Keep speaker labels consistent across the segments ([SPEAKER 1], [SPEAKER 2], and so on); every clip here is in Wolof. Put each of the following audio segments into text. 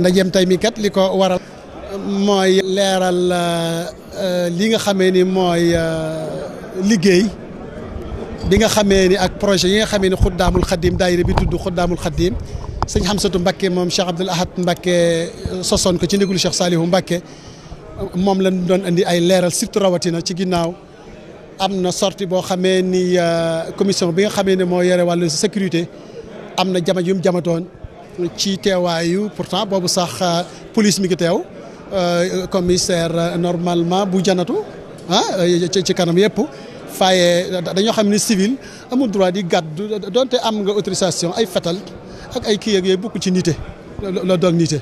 [SPEAKER 1] ndajeem tey mi kat li ko waral. mooy leeral euh, euh, li nga xamee ni mooy euh, liggéey bi nga xamee ni ak projet yi nga xamee ni xuddaamul xadim daayira bi tudd xuddaamul xadim sëñ Xamsatu Mbàkke moom Cheikh Abdoul Ahad Mbàkke ci ndigalu Cheikh Saalihu Mbàkke moom lañ doon andi ay leeral surtout rawatina ci ginnaaw am na sorti boo xamee ni commission bi nga xamee ne moo yore wàllu sécurité am na jama yu mu jamatoon ci teewaayu pourtant boobu sax euh, police mi ngi teew euh, commissaire euh, normalement bu janatu ah ci kanam yëpp faaye dañoo xam ne civil amul droit di gàddu donte am nga autorisation ay fetal ak ay kii yeeg yooyu bokk ci nité la doog nité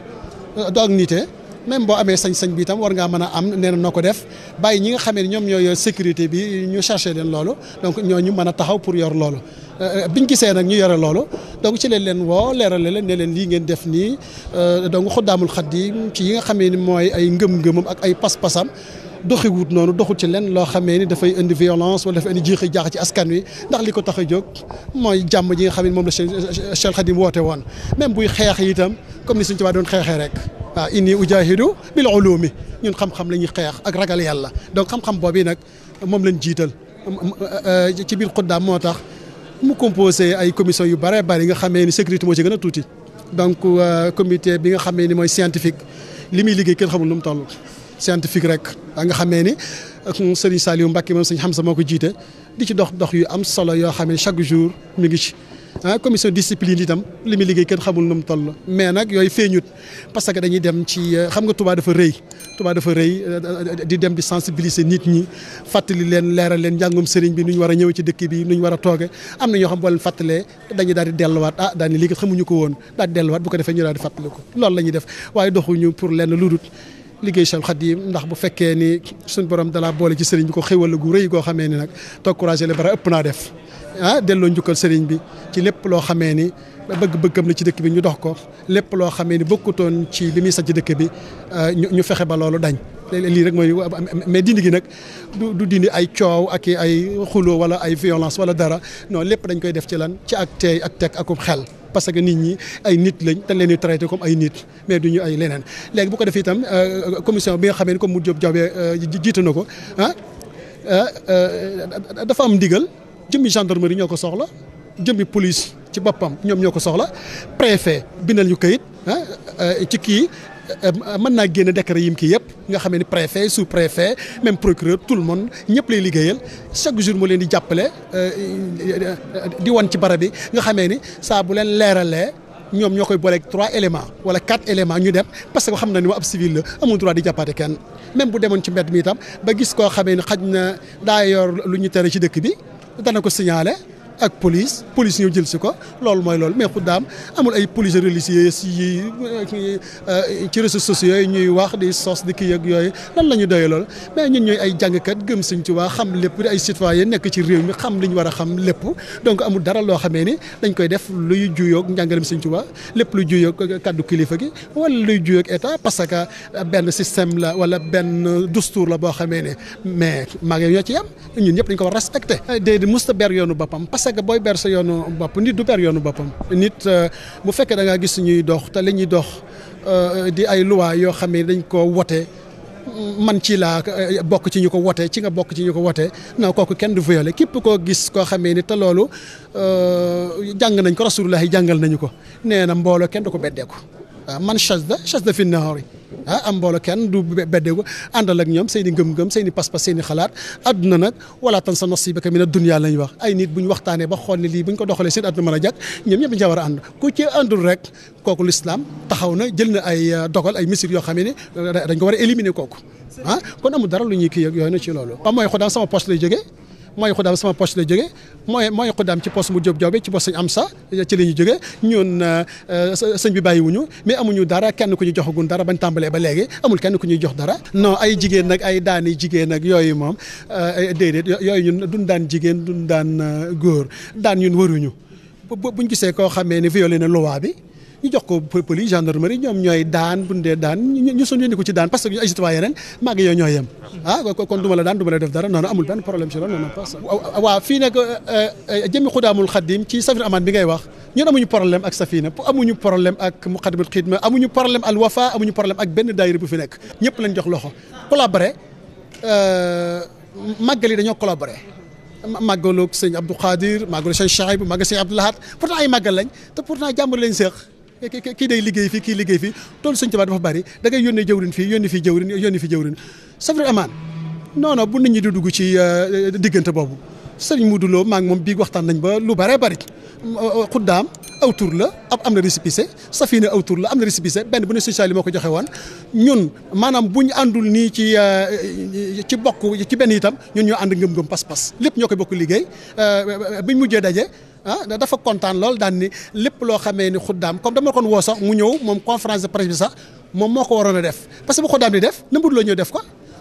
[SPEAKER 1] doog nité même boo amee sañ-sañ bi tam war ngaa mën a am nee noo ko def bàyyi ñi nga xamee ne ñoom ñoo yor sécurité bi ñu cherché leen loolu donc ñooñu mën a taxaw pour yor loolu euh, biñ gisee nag ñu yore loolu donc ci leen leen woo leerale leen ne leen lii ngeen def nii euh, donc xuddaamul xaddiim ci yi nga xamee ni mooy ay ngëm-ngëmam ak ay pas-pasam doxiwut noonu doxut ci leen loo xamee ni dafay indi violence wala dafay indi jiixi jaax ci askan wi ndax li ko tax a jóg mooy jàmm ji nga xam ne moom la Cheikh Khadim woote woon même buy xeex itam comme ni suñ tubaab doon xeexee rek waaw inni ujahidu bil ulumi ñun xam-xam la ñuy xeex ak ragal yàlla donc xam-xam boobu nag moom lañ jiital euh, ci biir xuddaam moo tax mu composé ay commission yu bare bari nga xamee ni sécurité moo ci gën a tuuti donc euh, comité bi nga xamee ni mooy scientifique li muy liggéey kenn xamul nu mu toll scientifique rek nga xamee ni euh, Serigne Saliou Mbacke moom xam sa moo ko jiite di ci dox dox yu am solo yoo xam ne chaque jour mi ngi ci ah commission discipline itam li muy liggéey kenn xamul nu mu toll mais nag yooyu feeñut parce que dañuy dem ci euh, xam nga Touba dafa rëy Touba dafa rëy euh, euh, di dem di sensibiliser nit ñi fàttali leen leeral leen njàngum sëriñ bi nu ñu war a ñëw ci dëkk bi nu ñu war a tooge am na ñoo xam boo leen fàttalee dañuy daal di delluwaat ah daani lii kat xamuñu ko woon daal di delluwaat bu ko defee ñu daal di fàttali ko loolu la ñuy def waaye doxuñu pour lenn lu dul liggéey xat Khadim ndax bu fekkee ni suñ borom dalaa boole ci sëriñ bi ko xéwal gu rëy goo xamee ni nag tokkouragé la bara ëpp naa def ah delloo njukkal sëriñ bi ci lépp loo xamee ni bëgg-bëggam la ci dëkk bi ñu dox ko lépp loo xamee ni bokkutoon ci bi muy sax ci dëkk bi euh, ñu fexe ba loolu dañ lii rek mooy mais dindi gi nag du dindi ay coow ak ay xulo wala ay violence wala dara non lépp dañ koy def ci lan ci ak teey ak teg akub xel parce que nit ñi ay nit lañ dañ leen di traité comme ay nit mais du ñu ay leneen léegi bu ko defee itam euh, commission bi nga xamee ni comme mu Diop Diobé euh, jiite na ko ah euh, dafa am ndigal jëmmi gendarmerie ñoo ko soxla jëmmi police ci boppam ñoom ñoo ko soxla préfet bindal ñu kayit. Ah, euh, ci kii euh, mën naa génn décret yim kii yëpp nga xamee ni préfet sous préfet même procureur tout le monde ñëpp lay liggéeyal chaque jour mu leen di jàppale euh, di wan ci bara bi nga xamee ni saa bu leen leeralee ñoom ñoo koy booleeg trois éléments wala quatre éléments ñu dem parce que xam na ni waa ab civil la amul droit di jàppaate kenn même bu demoon ci mbedd mi itam ba gis koo xamee ni xaj na daa yor lu ñu tere ci dëkk bi dana ko ak police police ñëw jël si ko lool mooy loolu mais xuddaam amul ay police religieux yi euh, ci réseaux sociaux yi ñuy wax di sos di ki ak yooyu lan la ñu doyee loolu mais ñun ñooy ay jàngkat gëm Sëñ waa xam lépp ay citoyen nekk ci réew mi xam li war a xam lépp donc amul dara loo xamee ni dañ koy def luy juyoog njàngalem Sëñ Tuubaa lépp luy juyoog kàddu kilifa gi wala luy juyoog état parce que benn système la wala benn dustuur la boo xamee ne mais maa ngi ci yam ñëpp dañ ko war respecté. déedéet musta yoonu boppam parce parce booy ber sa yoonu bopp nit du ber yoonu boppam nit euh, bu fekkee da ngaa gis ñuy dox te li ñuy dox euh, di ay loi yoo xam ne dañ ko wote man ci laa euh, bokk ci ñu ko wote ci nga bokk ci ñu ko wote non kooku kenn du violé képp koo gis koo xamee ni te loolu jàng nañ ko rasulullah yi jàngal nañu ko nee na mbooloo kenn du ko beddee beddeeku Ah, man chasda chasda fi nahaari ah am mbooloo kenn du beddeeku àndal ak ñoom seen i ngëm-ngëm seen i pas-pas seen i xalaat àdduna nag wala tan sa nasibaka mina dunya lañ wax ay nit bu ñu waxtaanee ba xool ne lii bu ñu ko doxalee seen àdduna mën a jàkk ñoom ñëpp dañu war a ku ci àndul rek kooku l'islam taxaw na jël na ay ah, dogal ay mesures yoo xam ne ah, dañ ko war a éliminer kooku kon amul dara lu ñu kii yooyu na ci loolu. waaw mooy xodaan sama poste mooy xudaam sama poche la jógee mooy mooy xudaam ci poche mu Jóob Joobe ci poche sañ am sa ci la ñu jógee ñun euh, euh, sëñ bi bàyyiwuñu mais amuñu dara kenn ku ñu joxagun dara bañ tàmbalee ba léegi amul kenn ku ñuy jox dara no ay jigéen nag ay daani jigéen ak yooyu moom euh, déedéet yooyu ñun duñ daan jigéen duñ daan góor daan ñun waruñu bu buñ gisee koo xamee ni violé na loi bi ñu jox ko police gendarmerie ñoom ñooy daan bu daan ñu suñu yëndiku ci daan parce que ñu ay citoyen ren maa ngi yow ñooy yem ah kon du ma la daan du ma la def dara non non amul benn problème ci loolu non non pas waaw euh, euh, euh, ci safina amaan bi ngay wax ñun amuñu problème ak safina amuñu problème ak muqaddimatul xidma amuñu problème al wafa amuñu problème ak benn daayira bu fi nekk ñëpp lañ jox loxo collaboré màggal yi dañoo collaboré màggaloog sëñ Abdou Khadir màggaloog sëñ Chahib màggal sëñ Abdou Lahat pourtant ay màggal lañ te pourtant jàmbur lañ séex kii day liggéey fii kii liggéey fii tool sëñ Tuubaa dafa bari da ngay yónnee jëwrin fii yónni fii jëwrin yónni fii jëwrin safri amaan non bu nit ñi di dugg ci euh, diggante boobu sëñ Modou Lo maa ngi moom bii waxtaan nañ ba lu baree bari euh, euh, xuddaam aw tur la ab am na récépissé Safina aw tur la am na récépissé benn bu ne social yi moo ko joxe woon ñun maanaam bu ñu àndul nii ci ci bokk ci benn itam ñun ñoo ànd ngëm-ngëm pas-pas lépp ñoo koy bokku liggéey biñ mujjee daje. ah dafa kontaan lool daan ni lépp loo xamee ni xuddaam comme dama kon woo sax mu ñëw moom conférence de presse bi sax moom moo ko waroon a def parce que bu xuddaam di def na mbud loo ñëw def ko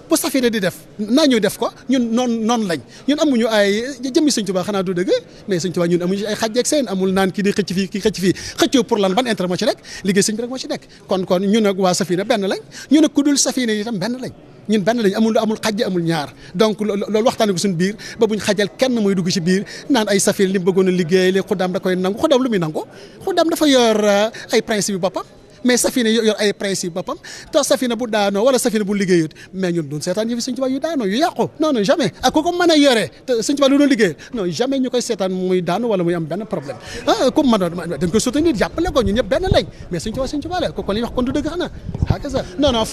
[SPEAKER 1] bu safina di def naa ñëw def ko ñun noon noonu lañ ñun amuñu ay jëmmi Sëñ Tuubaa xanaa du dëgg mais Sëñ Tuubaa ñun amuñu ay xàjj ak seen amul naan kii di xëcc fii xëcc fii xëccoo pour lan ban intérêt moo ci nekk liggéey sëñ bi rek moo ci nekk kon kon ñun ak waa safina benn lañ ñun ak ku dul safina itam benn lañ ñun benn lañu amul amul xajj amul ñaar donc loolu waxtaan waxtaane ko suñu biir ba buñ xajal kenn muy dugg ci biir naan ay safir li mu bëggoon a liggéey li xuddaam da koy nangu xuddaam lu muy nangu xuddaam dafa yor euh, ay principe yu boppam mais safina yor ay principe boppam te safina bu daanoo wala safina bu liggéeyut mais ñun duñ seetaan yëfi Sëñ Tuubaa yu daanoo yu yàqu jamais ak ku ko a yore te lu doon liggéey non jamais ñu koy seetaan muy daanu wala muy am benn problème ah ku mën a dañ koy soutenir ko ñun ñëpp benn lañ mais Sëñ Tuubaa Sëñ Tuubaa la ko ko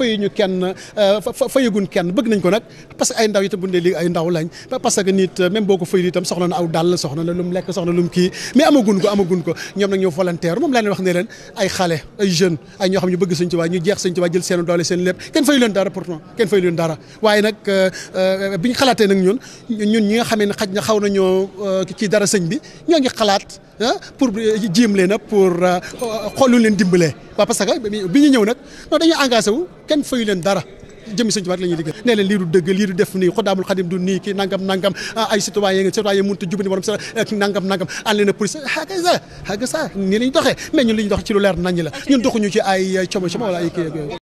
[SPEAKER 1] li kenn euh, fayugun nañ ko nag parce que ay ndaw itam bu dee li ay ndaw lañ parce que nit euh, même boo ko fayul itam soxla na aw dàll soxla na lu mu lekk soxla lu mu kii mais amagun ko amagun ko ñoom nag ñoo volontaire moom laa ne ay ñoo xam ñu bëgg sëñ Tuubaa ñu jeex sëñ Tuubaa jël seen doole seen lépp kenn fayu leen dara pourtant kenn fayu leen dara waaye nag euh, euh, bi ñu xalaatee nag ñun ñun ñi nga xamee ne xaj na xaw nañoo ci euh, dara sëñ bi ñoo ngi xalaat ah, pour jéem leen a pour xoolu leen dimbalee waaw parce que bi ñu ñëw nag non dañuy engagé wu kenn fayu leen dara jëmi sëñ Tuubaa la ñuy liggéey nee leen lii du dëgg lii du def nii Xoddaamul Xadim du nii kii nangam ah, ay citoyen ngeen citoyen mënut a jubani nangam nangam ànd leen a police xaaga sa xaaga sa nii la ñu doxee mais ñun li ñu dox ci la ñun doxuñu ci ay como como wala ay kii